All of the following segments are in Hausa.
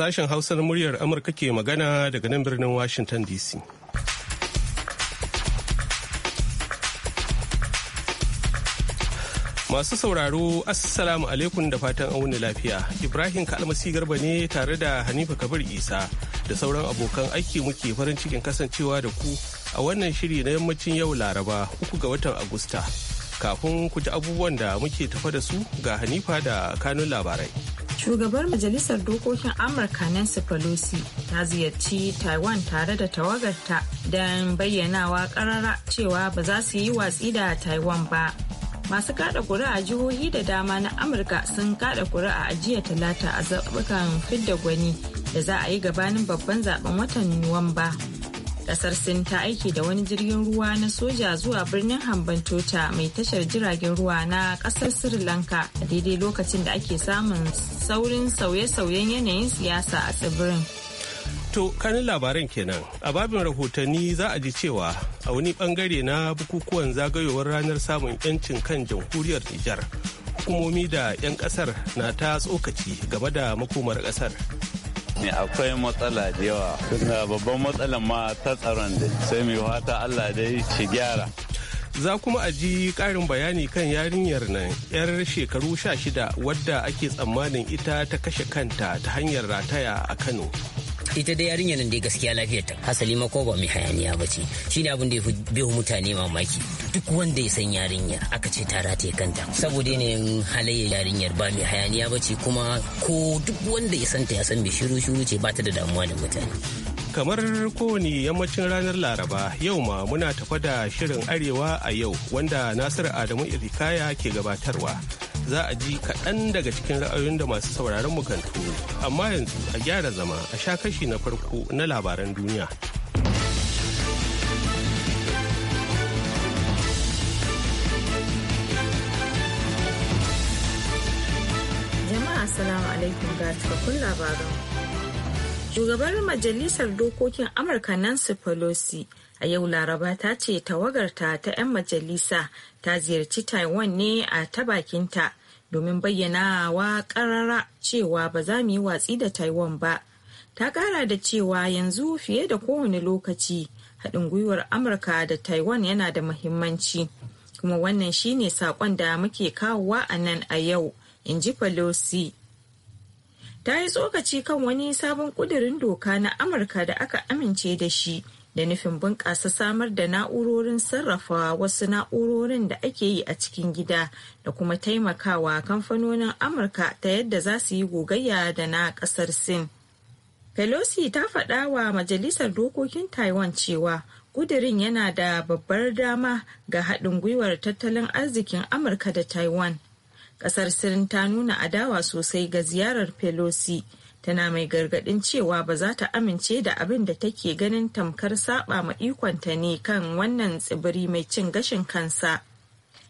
Sashen Hausar muryar Amurka ke magana daga nan birnin Washington DC. Masu sauraro, Assalamu alaikum da fatan auni lafiya. Ibrahim Kalmasi Garba ne tare da Hanifa Kabir Isa da sauran abokan aiki muke farin cikin kasancewa da ku a wannan shiri na yammacin yau Laraba uku ga watan Agusta. Kafin ku ji abubuwan da muke tafa da su ga Hanifa da kanun labarai. Shugabar Majalisar Dokokin Amurka Nancy Pelosi ta ziyarci Taiwan tare da tawagarta don bayyanawa karara cewa ba za su yi watsi da Taiwan ba. Masu kada kuri'a jihohi da dama na Amurka sun kada kuri'a a jiya talata a zaɓukan fidda gwani da za a yi gabanin babban zaben watan Nuwamba. Kasar Sin ta aiki da wani jirgin ruwa na soja zuwa birnin Hambantota mai tashar jiragen ruwa na kasar Sri Lanka a daidai lokacin da ake samun saurin sauye-sauyen yanayin siyasa a tsibirin. To, kanin labaran kenan. A babin rahotanni za a ji cewa a wani bangare na bukukuwan zagayowar ranar samun 'yancin kan jamhuriyar Nijar. Hukumomi da 'yan kasar na ta tsokaci game da makomar kasar. ne akwai matsala da yawa kuma babban matsalan ma ta tsaron da sai mai fata Allah dai shi gyara za kuma a ji ƙarin bayani kan yarinyar nan 'yar shekaru sha shida wadda ake tsammanin ita ta kashe kanta ta hanyar rataya a kano ita dai yarinya nan dai gaskiya lafiyar ta hasali ma ko ba mai hayaniya ba ce shine abin da ya bai mutane mamaki duk wanda ya san yarinyar aka ce ta rataye kanta saboda ne halayyar yarinyar ba mai hayaniya ba ce kuma ko duk wanda ya san ta ya san mai shiru shiru ce ba ta da damuwa da mutane kamar kowane yammacin ranar laraba yau ma muna tafa da shirin arewa a yau wanda nasiru adamu irikaya ke gabatarwa za a ji kaɗan daga cikin ra'ayoyin da masu sauraron mu kan tuni Amma yanzu a gyara zama a sha kashi na farko na labaran duniya. Jama'a Assalamu alaikum ga cikakkun labaran. Shugabar Majalisar Dokokin Amurka Nancy Pelosi a yau laraba ta ce tawagarta ta 'yan majalisa ta ziyarci taiwan ne a ta bakinta domin bayyana wa karara cewa ba za mu yi watsi da taiwan ba ta kara da cewa yanzu fiye da kowane lokaci haɗin gwiwar amurka da taiwan yana da muhimmanci kuma wannan shi ne saƙon da muke kawowa a nan a yau in ji pelosi ta yi tsokaci kan wani sabon ƙudurin doka na amurka da aka amince da shi da nufin bunƙasa samar da na'urorin sarrafa wasu na'urorin da ake yi a cikin gida da kuma taimakawa kamfanonin amurka ta yadda za su yi gogayya da na ƙasar sin pelosi ta faɗa wa majalisar dokokin taiwan cewa kudirin yana da babbar dama ga haɗin gwiwar tattalin arzikin amurka da taiwan ƙasar sin ta nuna adawa sosai ga ziyarar pelosi tana mai gargadin cewa ba za ta amince da abin da take ganin tamkar saba ma ikonta ne kan wannan tsibiri mai cin gashin kansa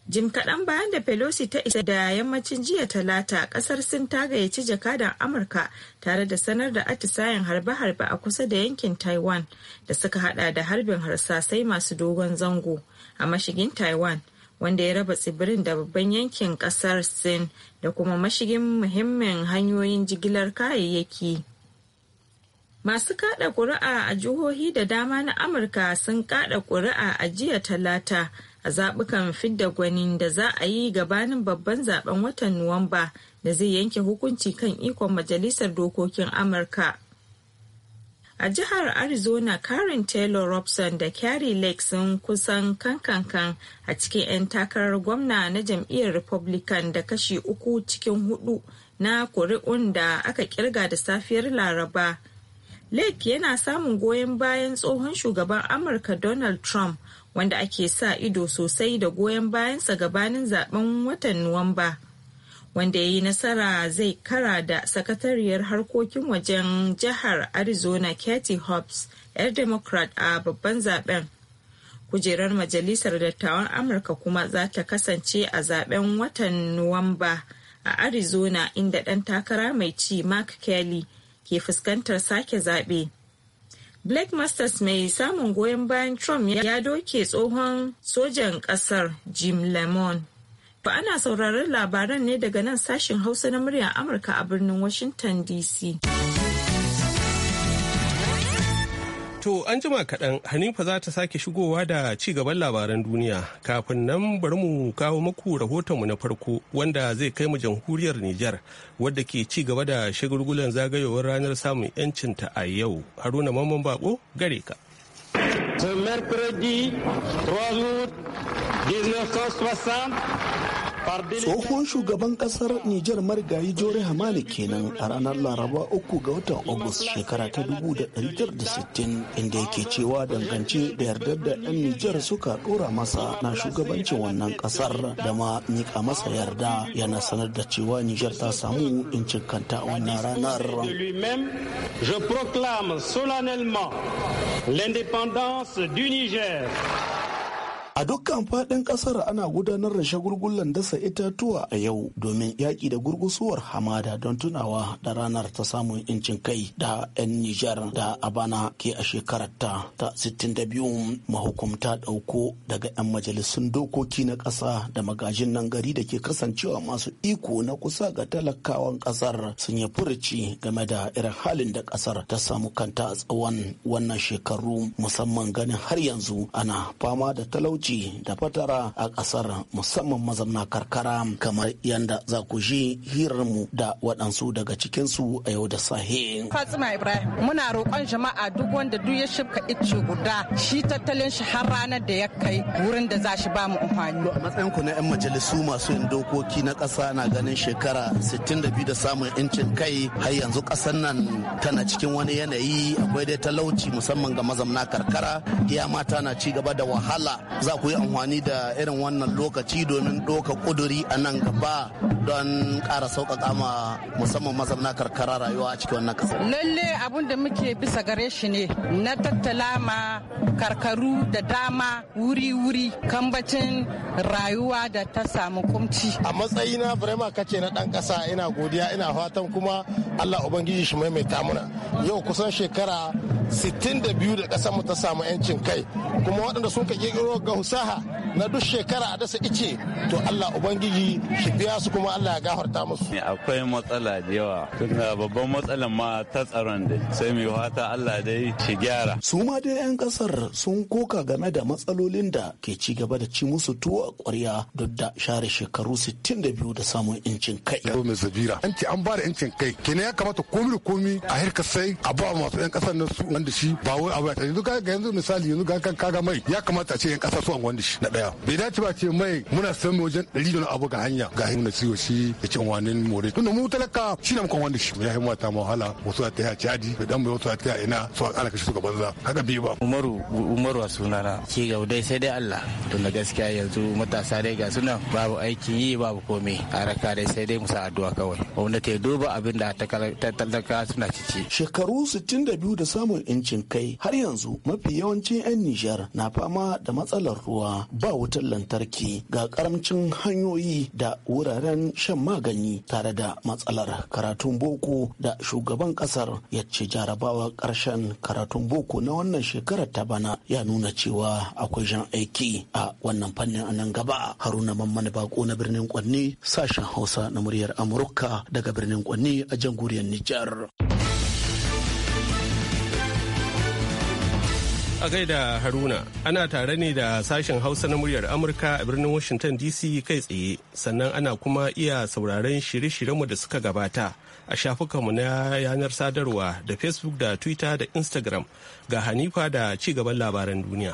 jim kaɗan bayan da pelosi ta isa da yammacin jiya talata ƙasar sin ta gayyaci jakadan amurka tare da sanar da atisayen harbe-harbe a kusa da yankin taiwan da suka hada da harbin harsasai masu dogon zango a mashigin taiwan wanda ya raba tsibirin da babban yankin kasar sin da kuma mashigin muhimmin hanyoyin jigilar kayayyaki masu kada kuri'a a jihohi da dama na amurka sun kada kuri'a a jiya talata a zaɓukan fidda gwani da za a yi gabanin babban zaben watan nuwamba da zai yanke hukunci kan ikon majalisar dokokin amurka a jihar arizona Karen taylor robson da carrie lake sun kusan kankankan a cikin 'yan takarar gwamna na jam'iyyar republican da kashi uku cikin hudu na kuri'un da aka kirga da safiyar laraba lake yana samun goyon bayan tsohon shugaban amurka donald trump wanda ake sa ido sosai da goyon bayansa gabanin zaben watan nuwamba. wanda ya yi nasara zai kara da sakatariyar harkokin wajen jihar arizona katie hobbs 'yar democrat a babban zaben kujerar majalisar dattawan amurka kuma za ta kasance a zaben watan nuwamba a arizona inda ɗan takara mai ci mark kelly ke fuskantar sake zaɓe. Blake Masters mai samun goyon bayan Trump ya doke tsohon sojan ƙasar Jim Lemon To ana sauraron labaran ne daga nan sashen Hausa na murya Amurka a birnin Washington DC. To an jima kaɗan Hanifa za ta sake shigowa da ci gaban labaran duniya kafin nan bari mu kawo muku rahotonmu na farko wanda zai kai mu jamhuriyar Nijar wadda ke ci gaba da shagulgulan zagayowar ranar samun 'yancinta a yau. Haruna Mamman Bako gare ka. ce mercredi 3 août 1960 Tsohon shugaban kasar Nijar marigayi Jore Hamani kenan a ranar Laraba uku ga watan august shekara ta 1960 inda yake cewa dangance da yardar da 'yan Nijar suka dora masa na shugabancin wannan kasar da ma nika masa yarda yana sanar da cewa Nijar ta samu incin kanta a wannan ranar. Je proclame solennellement l'indépendance du Niger A dukkan faɗin ƙasar ana gudanar da shagulgullan dasa itatuwa a yau domin yaƙi da gurgusuwar hamada don tunawa da ranar ta samun incin kai da 'yan Nijar da Abana ke a shekarar ta ta 62 mahukumta ɗauko daga 'yan majalisun dokoki na ƙasa da magajin nan gari da ke kasancewa masu iko na kusa ga talakawan ƙasar sun yi furuci game da irin halin da ƙasar ta samu kanta a tsawon wannan shekaru musamman ganin har yanzu ana fama da talauci talauci da fatara a ƙasar musamman mazamna karkara kamar yadda za ku ji hirarmu da waɗansu daga cikinsu a yau da sahe. Fatima Ibrahim muna roƙon jama'a duk wanda duk ya shifka icce guda shi tattalin shi har ranar da ya kai wurin da za shi ba mu amfani. A matsayin ku na 'yan majalisu masu yin dokoki na ƙasa na ganin shekara 62 da samun incin kai har yanzu ƙasar nan tana cikin wani yanayi akwai dai talauci musamman ga mazamna karkara iya mata na ci gaba da wahala za ku yi amfani da irin wannan lokaci domin ɗoka ƙuduri a nan gaba don ƙara sauƙaƙa ma musamman mazauna karkara rayuwa a cikin wannan ƙasa. Lalle abun da muke bisa gare shi ne na tattala ma karkaru da dama wuri-wuri kambacin rayuwa da ta samu kumci. A matsayina Birema kace na ɗan ƙasa ina godiya ina fatan kuma Allah Ubangiji shi maimaita muna. Yau kusan shekara 62 da kasar mu ta samu 'yancin kai kuma waɗanda sun ka ƙirƙiro ga Musaha na duk shekara a dasa ice to Allah ubangiji shi biya su kuma Allah ya gafarta musu akwai matsala da yawa tunda babban matsalan ma ta tsaron dai sai mai fata Allah dai shi gyara su ma dai yan kasar sun koka game da matsalolin da ke ci gaba da ci musu tuwo a kwarya duk da share shekaru 62 da samun incin kai mai zabira an ce an ba da incin kai kenan ya kamata komi da komi a harkar sai a ba masu yan kasar nan su wanda shi ba wai abu ya yanzu ga yanzu misali yanzu ga kan kaga mai ya kamata a ce yan kasar mutuwan wani shi na daya bai dace ba ce mai muna san wajen ɗari don abu ga hanya ga hanyar na siyo shi ya ci wani more tunda mu talaka shi na mukan wani shi ya himmata ta wahala wasu ta ya cadi bai dan bai wasu ta ina su ana kashe su ga banza haka biyu ba umaru umaru a sunana ga gaudai sai dai Allah tunda gaskiya yanzu matasa dai ga suna babu aikin yi babu komai a raka dai sai dai musa addu'a kawai gwamnati ya duba abin da talaka suna cici shekaru biyu da samun incin kai har yanzu mafi yawancin 'yan Nijar na fama da matsalar ruwa ba wutar lantarki ga karamcin hanyoyi da wuraren shan magani tare da matsalar karatun boko da shugaban kasar ya ce jarabawa karshen karatun boko na wannan shekarar ta bana ya nuna cewa akwai jan aiki a wannan fannin a nan gaba haruna mamman bako na birnin kwanne sashen hausa na muryar amurka daga birnin kwanne a jamhuriyar nijar. A gaida Haruna, ana tare ne da sashen Hausa na muryar Amurka a birnin Washington DC kai tsaye, sannan ana kuma iya sauraron shirye-shiryenmu da suka gabata a shafukanmu na yanar sadarwa da Facebook da Twitter da Instagram ga Hanifa da ci gaban labaran duniya.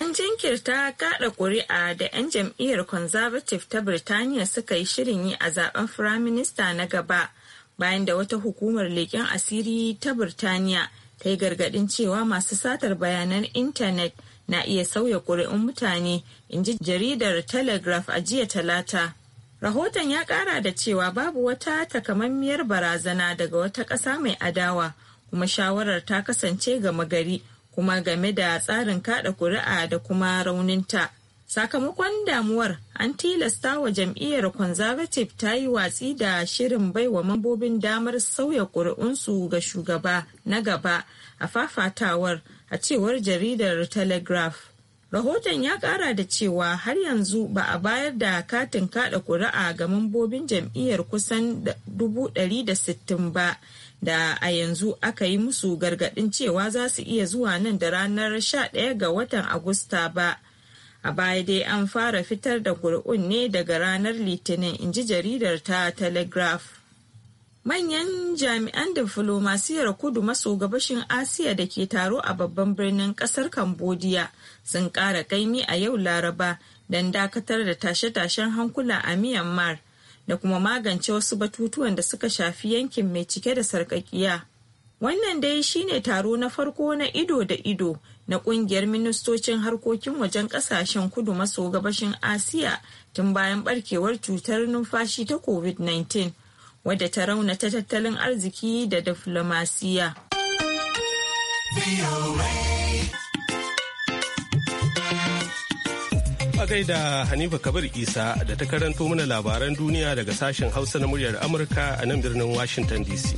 An jinkirta kaɗa ƙuri'a da 'yan jam'iyyar Conservative ta Birtaniya suka yi shirin yi a zaben Firaminista na gaba bayan da wata hukumar leƙen asiri ta Birtaniya ta yi gargaɗin cewa masu satar bayanan intanet na iya sauya ƙuri'un mutane in ji jaridar telegraph a jiya talata rahoton ya ƙara da cewa babu wata takamammiyar barazana daga wata ƙasa mai adawa kuma shawarar ta kasance gama gari kuma game da tsarin kaɗa ƙuri'a da kuma rauninta sakamakon damuwar an tilasta wa jam'iyyar conservative ta yi watsi da shirin baiwa mambobin damar sauya ƙuri'unsu ga shugaba na gaba a fafatawar a cewar jaridar telegraph rahoton ya kara da cewa har yanzu ba a bayar da katin kada ƙuri'a ga mambobin jam'iyyar kusan 160 ba da a yanzu aka yi musu gargadin cewa za su iya zuwa nan da ranar 11 ga watan agusta ba a baya dai an fara fitar da ƙuri'un ne daga ranar litinin in ji jaridar ta telegraph manyan jami'an diflomasiyar kudu maso gabashin asiya da ke taro a babban birnin kasar cambodia sun kara kaimi a yau laraba don dakatar da tashe-tashen hankula a myanmar da kuma magance wasu batutuwan da suka shafi yankin mai cike da sarkakiya Wannan dai shine taro na farko na ido da ido na kungiyar ministocin harkokin wajen kasashen kudu maso gabashin Asiya tun bayan barkewar cutar numfashi ta COVID-19 wadda ta raunata tattalin arziki da diflomasiya. A da Hanifa Kabir Isa da ta karanto mana labaran duniya daga sashen Hausa na muryar Amurka a nan birnin Washington DC.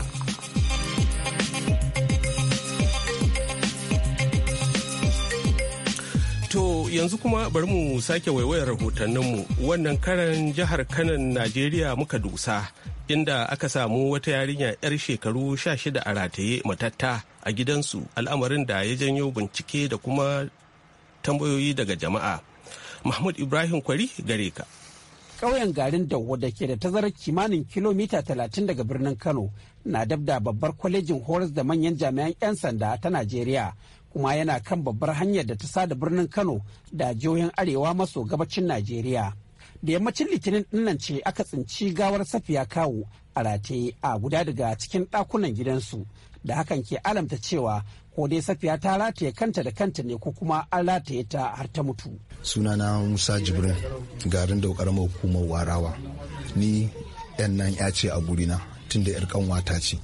yanzu kuma bari mu sake waiwayar rahotanninmu wannan karan jihar kano Najeriya muka dusa inda aka samu wata yarinya 'yar shekaru 16 a rataye matatta a gidansu al'amarin da ya janyo bincike da kuma tambayoyi daga jama'a. Mahmud Ibrahim Kwari gare ka. Ƙauyen garin Dawo da ke da tazarar kimanin kilomita 30 daga birnin Kano na dabda babbar kwalejin horas da manyan jami'an 'yan sanda ta Najeriya kuma yana kan babbar hanyar da ta da birnin kano da jihohin arewa maso gabacin najeriya da yammacin litinin dinnan ce aka tsinci gawar safiya kawo a rataye a guda daga cikin ɗakunan gidansu da hakan ke alamta cewa ko dai safiya ta rataye kanta da kanta ne ko kuma an rataye ta har ta mutu sunana musa jibrin garin da ƙaramar hukumar warawa ni yan nan ya ce a gurina tun da yar kanwata ce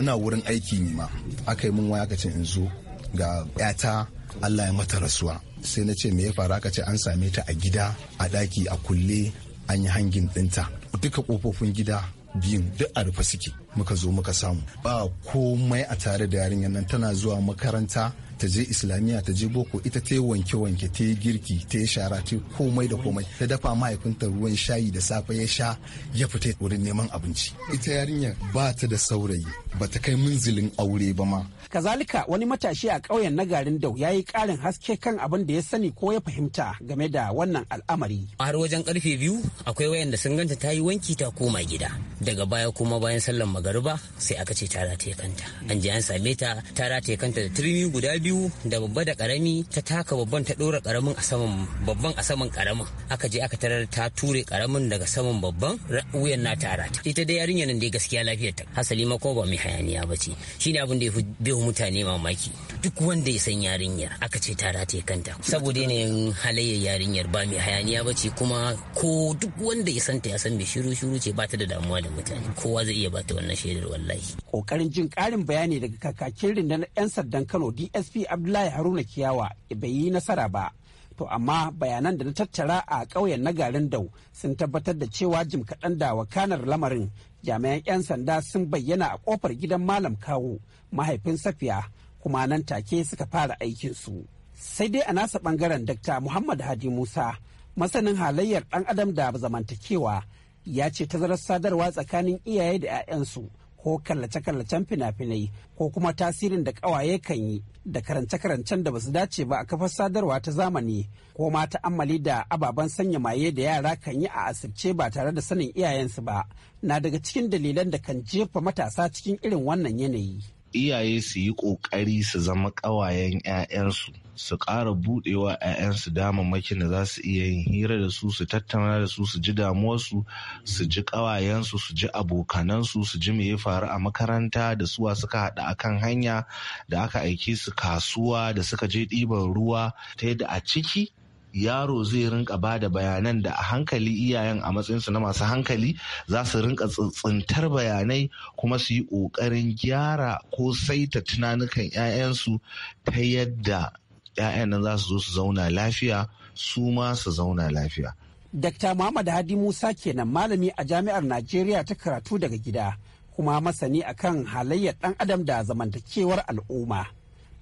ina wurin aiki ne ma aka yi min waya ka ce in zo ga 'yata Allah ya mata rasuwa sai na ce me ya faru aka ce an same ta a gida a daki a kulle an yi hangin ɗinta duka kofofin gida biyun duk a rufe suke muka zo muka samu ba komai a tare da yarinyar nan tana zuwa makaranta ta je islamiyya ta je boko ita ta wanke wanke ta girki ta shara ta komai da komai ta dafa mahaifinta ruwan shayi da safe ya sha ya fita wurin neman abinci ita yarinya ba ta da saurayi ba ta kai munzilin aure ba ma kazalika wani matashi a ƙauyen na garin dau ya yi ƙarin haske kan abin da ya sani ko ya fahimta game da wannan al'amari har wajen karfe biyu akwai wayanda sun ganta ta yi wanki ta koma gida daga baya kuma bayan sallan magariba sai aka ce ta rataye kanta an je an same ta ta rataye kanta da turmi guda biyu biyu da babba da karami ta taka babban ta dora karamin a saman babban a saman karamin aka je aka tarar ta ture karamin daga saman babban wuyan na ta rata. ita dai yarinyar nan dai gaskiya lafiyar ta hasali ma ko ba mai hayaniya ba ce shine abin da ya fi mutane mamaki duk wanda ya san yarinyar aka ce ta rataye kanta saboda yanayin halayyar yarinyar ba mai hayaniya ba ce kuma ko duk wanda ya san ta ya san mai shiru shiru ce ba ta da damuwa da mutane kowa zai iya ba ta wannan shaidar wallahi kokarin jin karin bayani daga kakakin rindan yan sandan Kano DSP sp abdullahi haruna kiyawa bai yi nasara ba to amma bayanan da na tattara a ƙauyen na garin dau sun tabbatar da cewa jim kaɗan da wakanar lamarin jami'an 'yan sanda sun bayyana a ƙofar gidan malam kawo mahaifin safiya kuma nan take suka fara aikinsu sai dai a nasa ɓangaren Dr. muhammad hadi musa masanin halayyar ɗan adam da zamantakewa ya ce tazarar sadarwa tsakanin iyaye da 'ya'yansu ko kallace-kallacen fina-finai ko kuma tasirin da ƙawaye kan yi da karance-karancen da basu dace ba a kafar sadarwa ta zamani ko ma ta'ammali da ababen sanya maye da yara kan yi a asirce ba tare da sanin iyayensu ba na daga cikin dalilan da kan jefa matasa cikin irin wannan yanayi. iyaye su yi ƙoƙari su zama ƙawayen 'ya'yansu su ƙara buɗewa 'ya'yansu damammakin da za su iya yin hira da su su tattauna da su su ji damuwarsu su ji ƙawayensu su ji abokanansu su ji ya faru a makaranta da suwa suka haɗa akan hanya da aka aiki su kasuwa da suka je ɗiban ruwa ta yadda a ciki yaro zai rinka ba da bayanan da a hankali iyayen a matsayinsu na masu hankali za su rinka tsintsintar bayanai kuma su yi ƙoƙarin gyara ko saita tunanukan 'ya'yansu ta yadda 'ya'yan nan za su zo su zauna lafiya su ma su zauna lafiya. Dr. Muhammad Hadi Musa kenan malami a jami'ar Najeriya ta karatu daga gida kuma masani akan halayyar ɗan adam da zamantakewar al'umma.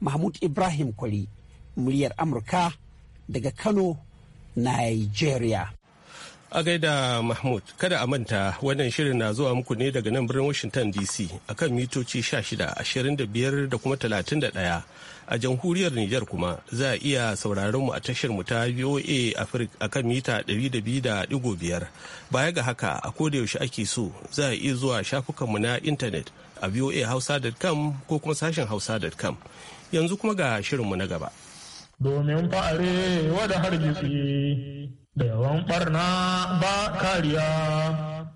Mahmud Ibrahim Kwari, muryar Amurka daga Kano, Nigeria. A gaida Mahmud, kada a manta wannan shirin na zuwa muku ne daga nan birnin Washington DC a kan mitoci 16, da kuma 31. a jamhuriyar Nijar kuma za a iya sauraron mu a tashar mu ta VOA Africa kan mita 200.5 baya ga haka a koda yaushe ake so za a iya zuwa shafukan mu na intanet a voahausa.com ko kuma sashen hausa.com yanzu kuma ga shirinmu na gaba. domin fa'are wada hargitsi da yawan ɓarna ba kariya.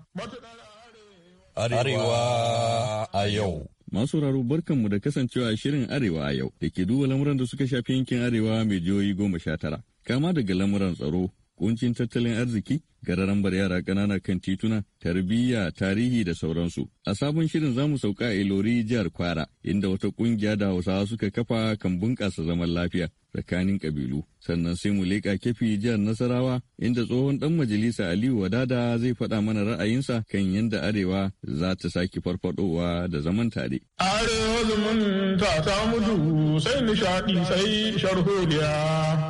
Arewa a yau. Masu raro barkanmu da kasancewa shirin Arewa a yau da ke duba lamuran da suka shafi yankin Arewa mai jihohi goma sha tara. Kama daga lamuran tsaro, kuncin tattalin arziki, gararan bar yara ƙanana kan tituna, tarbiyya, tarihi da sauransu. A sabon shirin zamu sauka a Ilori jihar Kwara, inda wata ƙungiya da Hausawa suka kafa kan bunƙasa zaman lafiya tsakanin ƙabilu. Sannan sai mu leƙa kefi jihar Nasarawa, inda tsohon ɗan majalisa Aliyu Wadada zai faɗa mana ra'ayinsa kan yadda Arewa za ta sake farfadowa da zaman tare. Arewa zumunta ta mutu sai nishaɗi sai sharholiya.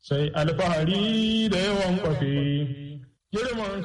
sai alfahari da yawan kwafi.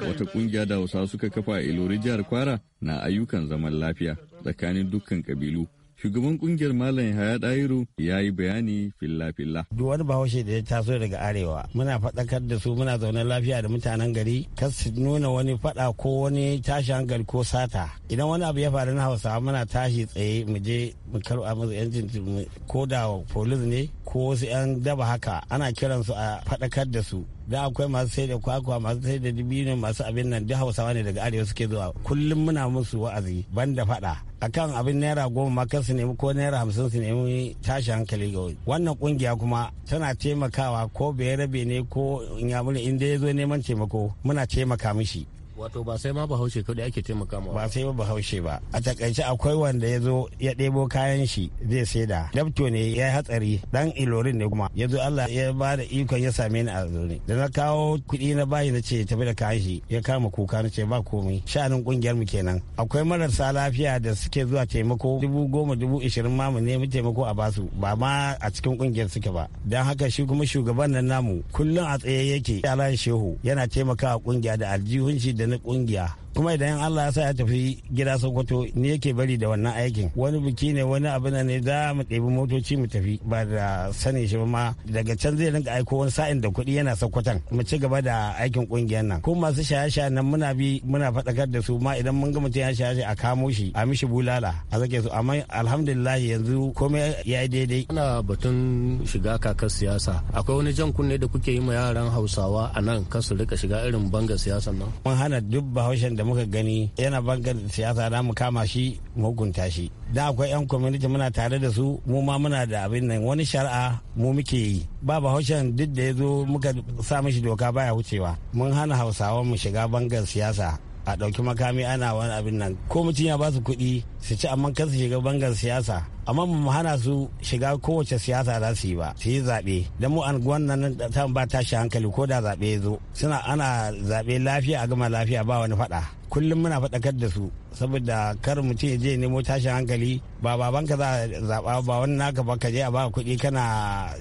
Wata kungiya da Hausa suka kafa a Ilori jihar Kwara na ayyukan zaman lafiya tsakanin dukkan kabilu. Shugaban kungiyar Malam Haya Dairu ya yi bayani filla-filla. Duk wani bahaushe da ya taso daga arewa muna faɗakar da su muna zaune lafiya da mutanen gari kar su nuna wani faɗa ko wani tashi hankali ko sata. Idan wani abu ya faru na Hausa muna tashi tsaye mu je mu karɓa musu yancin ko da polis ne ko wasu 'yan daba haka ana kiransu a faɗakar da su da akwai masu sai da kwakwa masu sai da dibino masu abin nan duk hausawa ne daga arewa suke zuwa kullum muna musu wa'azi ban da faɗa akan abin naira goma ma su nemi ko naira hamsin su nemi tashi hankali ga wannan kungiya kuma tana taimakawa ko bai rabe ne ko in ya in dai ya zo neman taimako muna taimaka mishi wato ba sai ma bahaushe da ake taimaka ma ba sai ma bahaushe ba a takaice akwai wanda ya zo ya ɗebo kayan shi zai saida dabto ne ya yi hatsari dan ilorin ne kuma ya zo Allah ya ba da ikon ya same ni a zuri da na kawo kuɗi na bayi na ce tafi da kayan shi ya kama kuka na ce ba komai sha'anin kungiyar mu kenan akwai marasa lafiya da suke zuwa taimako dubu goma dubu ishirin ma mu nemi taimako a basu ba ma a cikin kungiyar suke ba dan haka shi kuma shugaban nan namu kullum a tsaye yake ya Shehu yana taimakawa kungiya da aljihun shi da da na kungiya kuma idan Allah ya sa ya tafi gida Sokoto ni yake bari da wannan aikin wani biki ne wani abu na ne za mu ɗebi motoci mu tafi ba da sani shi ba ma daga can zai rinka aiko wani sa'in da kuɗi yana Sokoton mu ci gaba da aikin kungiyar nan ko masu shaye-shaye nan muna bi muna faɗakar da su ma idan mun ga mutum ya shaye a kamo shi a mishi bulala a zake su amma alhamdulillah yanzu komai ya yi daidai ana batun shiga kakar siyasa akwai wani jan kunne da kuke yi ma yaran Hausawa a nan kasu rika shiga irin banga siyasan nan mun hana duk bahaushen da muka gani yana bangar siyasa da mu kama shi mu hukunta shi da akwai yan community muna tare da su mu ma muna da abin nan wani shari'a mu muke yi ba bahaushen duk da ya zo muka sa mishi doka baya wucewa mun hana hausawa mu shiga bangar siyasa a ɗauki makami ana wani abin nan ko mutum ya ba su kuɗi su ci amma kan su shiga bangar siyasa amma mu hana su shiga kowace siyasa za su yi ba su yi zaɓe don mu an wannan ta ba tashi hankali ko da zaɓe ya zo suna ana zaɓe lafiya a gama lafiya ba wani faɗa kullum muna faɗakar da su saboda kar mutum ya je nemo tashin hankali ba ka za a zaɓa ba wani naka ba ka je a ba kuɗi kana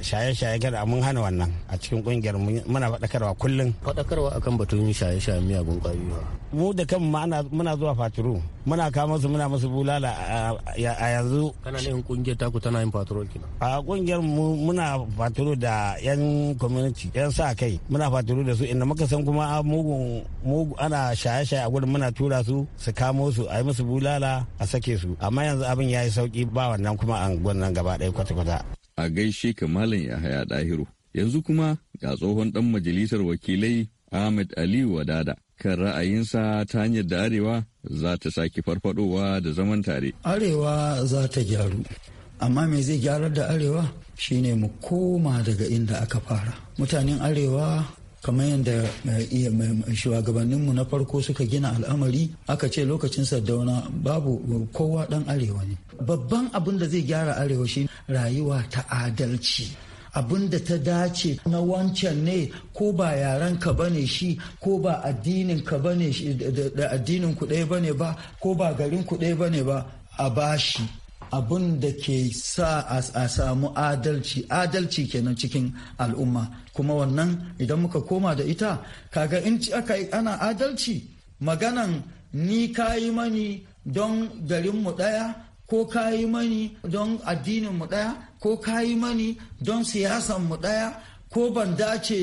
shaye-shaye kada mun hana wannan a cikin ƙungiyar muna faɗakarwa kullum. faɗakarwa akan batun shaye-shaye miyagun ƙwayoyi. mu da kanmu muna zuwa faturu muna kama su muna musu bula misali a yanzu kana ne kungiyar taku tana yin patrol kina a kungiyar muna patrol da yan community yan sa kai muna patrol da su inda muka san kuma mugun mugu ana shaye-shaye a gurin muna tura su su kamo su a yi musu bulala a sake su amma yanzu abin ya yi sauki ba wannan kuma a gwannan gaba ɗaya kwata-kwata a gaishe ka malam yahaya dahiru yanzu kuma ga tsohon dan majalisar wakilai ahmed aliyu wadada kan ra'ayinsa ta hanyar da arewa za ta sake farfadowa da zaman tare. Arewa za ta gyaru, amma me zai gyarar da Arewa Shi ne mu koma daga inda aka fara. Mutanen Arewa kamar yadda eh, shugabanninmu na farko suka gina al'amari aka ce lokacin sardauna babu kowa dan arewa ne babban abin da zai gyara arewa shi rayuwa ta adalci abin da ta dace na wancan ne ko ba yaren ka bane shi ko ba addinin ka bane da addinin ku ɗaya bane ba ko ba garin ku ɗaya bane ba a bashi abin da ke sa a samu adalci adalci kenan cikin al'umma kuma wannan idan muka koma da ita kaga in aka yi ana adalci maganan ni kayi mani don garinmu ɗaya ko kayi mani don addininmu ɗaya ko ka yi mani don siyasan mu ɗaya ko ban dace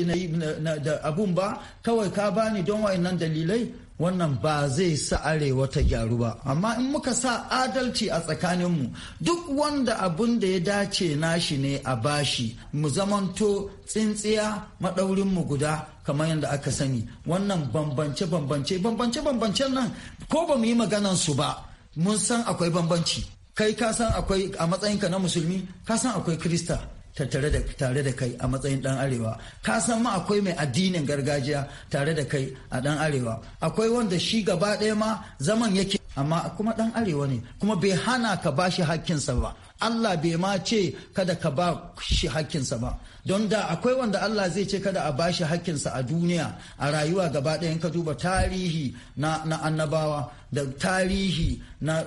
na da abun ba kawai ka bani don wayannan dalilai wannan ba zai sa arewa ta gyaru ba amma in muka sa adalci a tsakaninmu duk wanda abun da ya dace nashi ne a bashi mu zamanto tsintsiya maɗaurinmu guda kamar yadda aka sani wannan bambance-bambance bambance-bambancen nan ko ba mu yi maganansu ba mun san akwai bambanci kai ka san akwai a matsayin ka na musulmi ka san akwai krista tare da kai a matsayin dan arewa ka san ma akwai mai addinin gargajiya tare da kai a dan arewa akwai wanda shi gaba ɗaya ma zaman yake amma kuma dan arewa ne kuma bai hana ka bashi hakkinsa ba Allah bai ma ce kada ka ba shi hakkinsa ba don da akwai wanda Allah zai ce kada a ba shi hakkinsa a duniya a rayuwa gaba ɗayan ka duba tarihi na, annabawa da tarihi na,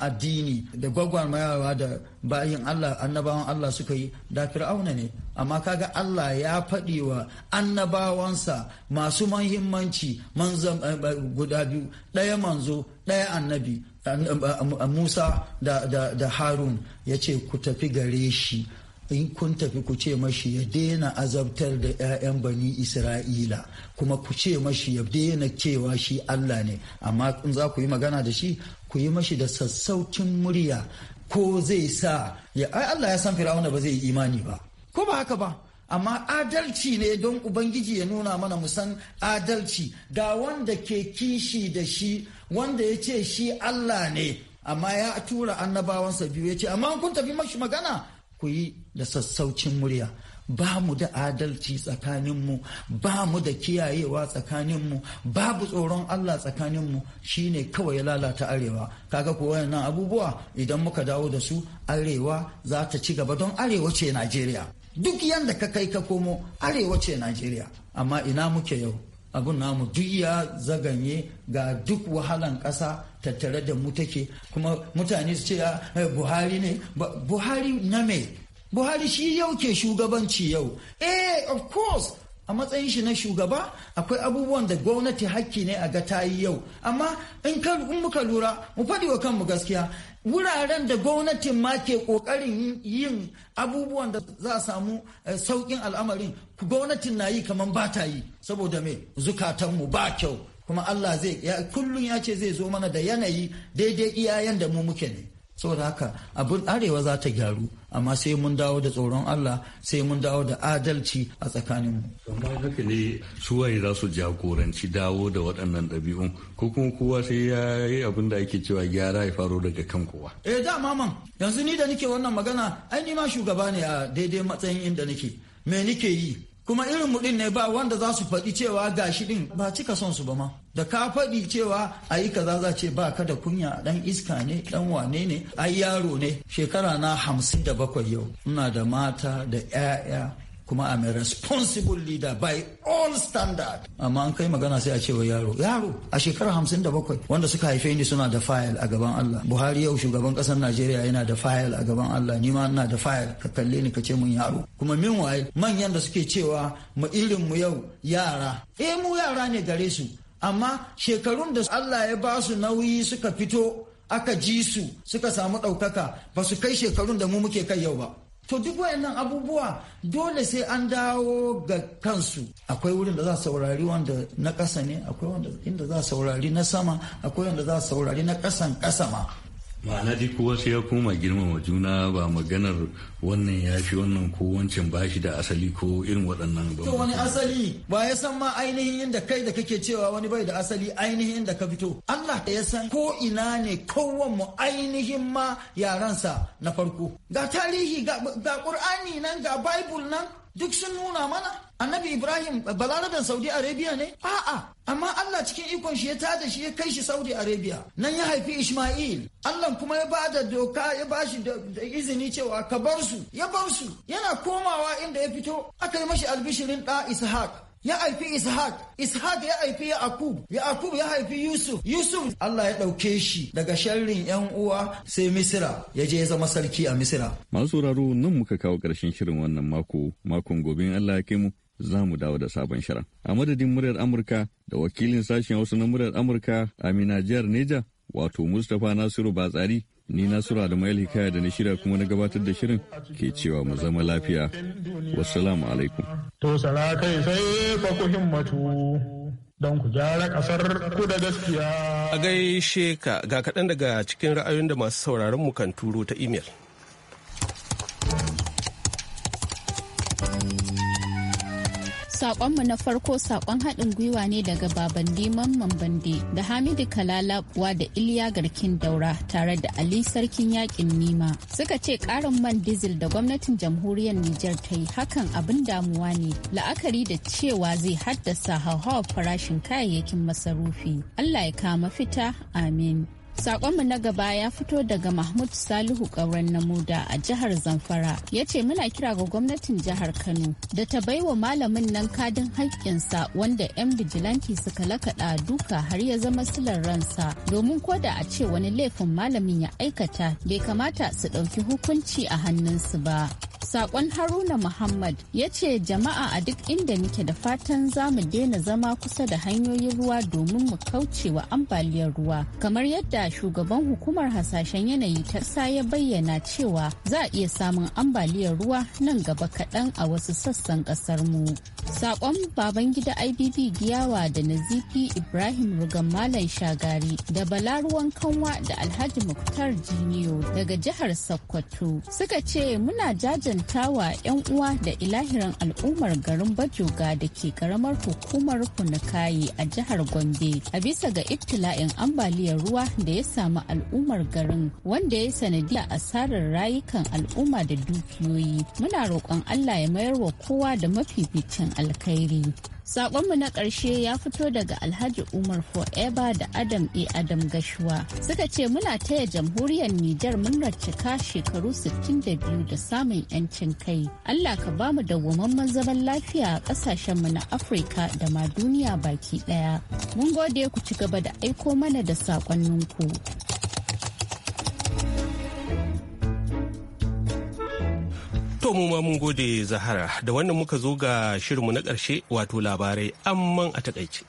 addini da gwagwarmayawa da bayin Allah annabawan Allah suka yi da fir'auna ne amma kaga Allah ya faɗi wa annabawansa masu mahimmanci manzan eh, eh, guda biyu ɗaya manzo ɗaya annabi Eh, Musa da Harun ya ce ku tafi gare shi in kun tafi ku ce mashi ya daina azabtar da 'ya'yan bani isra'ila kuma ku ce mashi ya daina cewa shi allah ne amma in za ku yi magana da shi ku yi mashi da sassaucin murya ko zai sa ya ai allah ya san firawuna ba zai yi imani ba ko ba haka ba amma adalci ne don ubangiji ya nuna mana musan adalci ga wanda ke kishi da shi wanda ya ce shi Allah ne amma ya tura annabawansa biyu ya ce amma kun tafi mashi magana ku yi da sassaucin murya ba mu da adalci tsakaninmu ba mu da kiyayewa tsakaninmu babu tsoron Allah tsakaninmu ne kawai ya lalata arewa kaga ko wayannan abubuwa idan muka dawo da su arewa za ta ci gaba don arewa ce Najeriya duk yanda ka kai ka komo arewa ce najeriya amma ina muke yau abun namu duk ya zaganye ga duk wahalan ƙasa tattare da mu take kuma mutane su ce ah, eh, buhari ne buhari na me buhari shi yau ke shugabanci yau eh of course a matsayin shi na shugaba akwai abubuwan da gwamnati hakki ne a ga ta yi yau amma in muka lura mu faɗi wa kanmu gaskiya wuraren da gwamnatin ma ke ƙoƙarin yin abubuwan da za a samu eh, sauƙin al'amarin gwamnatin na yi kamar ba ta yi saboda me zukatanmu ba kyau kuma Allah zai kullum ya ce zai zo mana da yanayi daidai iyayen da mu muke ne saboda haka abin arewa za ta gyaru amma sai mun dawo da tsoron Allah sai mun dawo da adalci a tsakaninmu. amma haka ne suwaye za su jagoranci dawo da waɗannan ɗabi'un ko kuma kowa sai ya yi abin da ake cewa gyara ya faro daga kan kowa. eh da maman yanzu ni da nike wannan magana ai ni ma shugaba ne a daidai matsayin inda nake me nake yi kuma irin mu ne ba wanda za su faɗi cewa gashi ɗin ba cika son su ba ma da ka faɗi cewa a yi kaza za ce ba ka da kunya ɗan iska ne ɗan wane ne ai yaro ne shekara na hamsin da bakwai yau ina da mata da 'ya'ya kuma a a responsible leader by all standard. Amma an kai magana sai a ce wa yaro, yaro a shekarar hamsin da bakwai wanda suka haife ni suna da fayil a gaban Allah. Buhari yau shugaban ƙasar Najeriya yana da fayil a gaban Allah, ni ma ina da fayil ka kalle ni ka ce mun yaro. Kuma meanwhile manyan da suke cewa mu irin mu yau yara, eh mu yara ne gare su. Amma shekarun da Allah ya ba su nauyi suka fito aka ji su suka samu ɗaukaka ba su kai shekarun da mu muke kai yau ba. to duk wayannan abubuwa dole sai an dawo ga kansu akwai wurin da za saurari wanda na ƙasa ne akwai wanda inda za saurari na sama akwai wanda za saurari na ƙasan ƙasa ma ma'ana duk kowa sai ya koma girmama juna ba maganar wannan ya fi wannan ko wancan ba shi da asali ko irin waɗannan ba to wani asali ba ya san ma ainihin inda kai da kake cewa wani bai da asali ainihin da ka fito Allah ya san ko ina ne kowan mu ainihin ma yaransa na farko ga tarihi ga qur'ani nan ga bible nan duk sun nuna mana annabi ibrahim balaraben saudi arabia ne a'a amma allah cikin ikon shi ya tada shi ya kai shi saudi arabia nan ya haifi ishma'il allah kuma ya ba da doka ya ba shi da izini cewa ka bar su ya bar su yana komawa inda ya fito aka yi mashi albishirin ɗa ishaq ya haifi Ishaq, Ishaq ya haifi Yaqub, Yaqub ya haifi Yusuf, Yusuf Allah ya ɗauke shi daga sharrin 'yan uwa sai Misira ya je ya zama sarki a Misira. Masu sauraro nan muka kawo ƙarshen shirin wannan mako, makon gobe Allah ya kai mu za mu dawo da sabon shirin. A madadin muryar Amurka da wakilin sashen Hausa na muryar Amurka Amina Jihar Neja, wato Mustapha Nasiru Batsari Ni Nasiru Adamu Hikaya da na shirya kuma na gabatar da shirin ke cewa mu zama lafiya. Wassalamu alaikum. To sarakai sai fa ku himmatu don ku gyara kasar ku da gaskiya. A gaishe ka ga kaɗan daga cikin ra'ayoyin da masu sauraron mu kan turo ta imel. Sakonmu na farko sakon haɗin gwiwa ne daga Babandi Mamman Bande da Hamidu Kalalabuwa da Iliya Garkin Daura tare da Ali Sarkin Yakin Nima. Suka ce ƙarin man dizil da gwamnatin jamhuriyar Nijar ta yi hakan abin damuwa ne la'akari da cewa zai haddasa hauhawar farashin kayayyakin masarufi. Allah ya kama fita amin. Sakonmu na gaba ya fito daga Mahmud Salihu Ƙauren Namuda a jihar Zamfara. Ya ce muna kira ga gwamnatin jihar Kano da ta baiwa malamin nan kadin haƙƙinsa wanda 'yan bijilanti suka lakaɗa duka har ya zama silar ransa. Domin ko da a ce wani laifin malamin ya aikata bai kamata su ɗauki hukunci a hannunsu ba. saƙon Haruna Muhammad ya ce jama'a a duk inda nike da fatan za mu daina zama kusa da hanyoyin ruwa domin mu kauce wa ambaliyar ruwa. Kamar yadda shugaban hukumar hasashen yanayi ta sa ya bayyana cewa za a iya samun ambaliyar ruwa nan gaba kaɗan a wasu sassan ƙasar mu. Sakon baban gida IBB Giyawa da Nazifi Ibrahim Rugan Malam Shagari da Balaruwan Kanwa da Alhaji Muktar Jiniyo daga jihar Sokoto suka ce muna jajantawa 'yan uwa da ilahiran al'ummar garin Bajoga da ke karamar hukumar Funakayi a jihar Gombe a bisa ga ibtila'in ambaliyar ruwa da ya ya samu al'ummar garin wanda ya sanadiyar asarar rayukan al'umma da dukiyoyi muna roƙon allah ya mayar wa kowa da mafificin alkhairi Sakonmu na ƙarshe ya fito daga Alhaji Umar Forever da Adam E. Adam Gashuwa. Suka ce muna taya jamhuriyar Nijar murnar cika shekaru 62 da samun 'yancin kai. Allah ka ba mu dawwamamman zaman lafiya a ƙasashenmu na Afirka da ma duniya baki ɗaya. Mun gode ku ci gaba da aiko mana da saƙonninku. To mu ma mun gode Zahara da wannan muka zo ga shirinmu na ƙarshe wato labarai amman a takaice.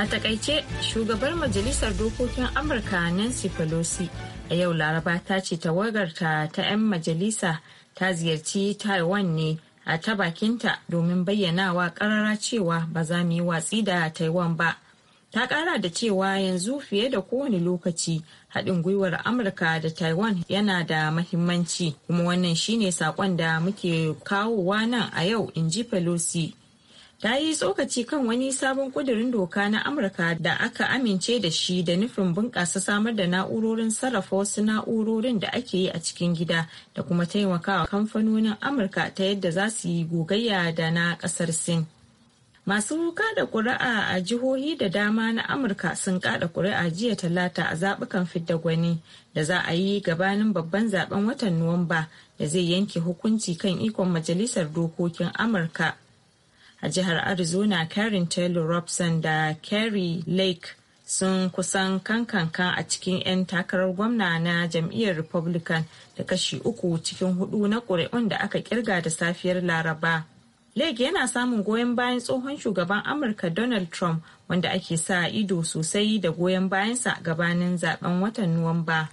A takaice shugabar majalisar dokokin Amurka Nancy Pelosi a yau laraba ta ce tawagarta ta 'yan majalisa ta ziyarci Taiwan ne a ta bakinta domin bayyanawa karara cewa ba za mu yi watsi da Taiwan ba. ta kara da cewa yanzu fiye da kowane lokaci haɗin gwiwar amurka da taiwan yana da mahimmanci kuma wannan shine saƙon da muke kawowa nan a yau in ji pelosi ta yi tsokaci kan wani sabon ƙudurin doka na amurka da aka amince da shi da nufin bunƙasa samar da na'urorin sarrafa wasu na'urorin da ake yi a cikin gida da kuma taimakawa kamfanonin amurka ta yadda za su yi gogayya da na ƙasar sin Masu wuka da kuri'a a jihohi da dama na Amurka sun kada kuri'a jiya talata a zaɓukan fidda gwani da za a yi gabanin babban zaben watan Nuwamba da zai yanke hukunci kan ikon Majalisar Dokokin Amurka. A jihar Arizona, Karen Taylor Robson da Kerry Lake sun kusan kankankan a cikin 'yan takarar gwamna na jam'iyyar Republican da kashi uku cikin hudu na ƙuri'un da aka kirga da safiyar Laraba. lake yana samun goyon bayan tsohon shugaban amurka donald trump wanda ake sa ido sosai da goyon bayansa gabanin zaben watan nuwamba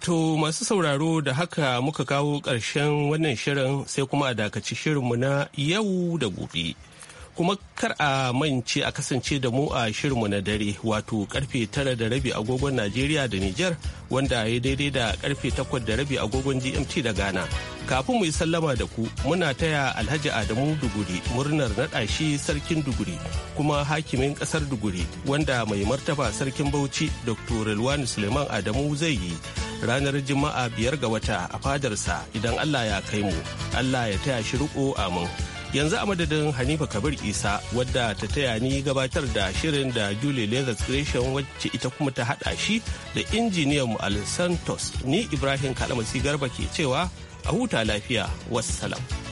To masu sauraro da haka muka kawo ƙarshen wannan shirin sai kuma a dakaci shirinmu na yau da gobe. kuma kar a mance a kasance da mu a shirinmu na dare wato karfe tara da rabi agogon najeriya da niger wanda ya daidai da karfe takwas da rabi agogon gmt da ghana kafin mu yi sallama da ku muna taya alhaji adamu duguri murnar naɗa shi sarkin duguri kuma hakimin ƙasar duguri wanda mai martaba sarkin bauchi dr Rilwani suleiman adamu zai yi ranar juma'a biyar ga wata a fadarsa idan allah ya kai mu allah ya taya shi riko amin yanzu a madadin hanifa kabir isa wadda ta taya ni gabatar da shirin da julie leather creation wacce ita kuma ta hada shi da injiniyan mu al ni ibrahim kalamasi garba ke cewa a huta lafiya wassalam.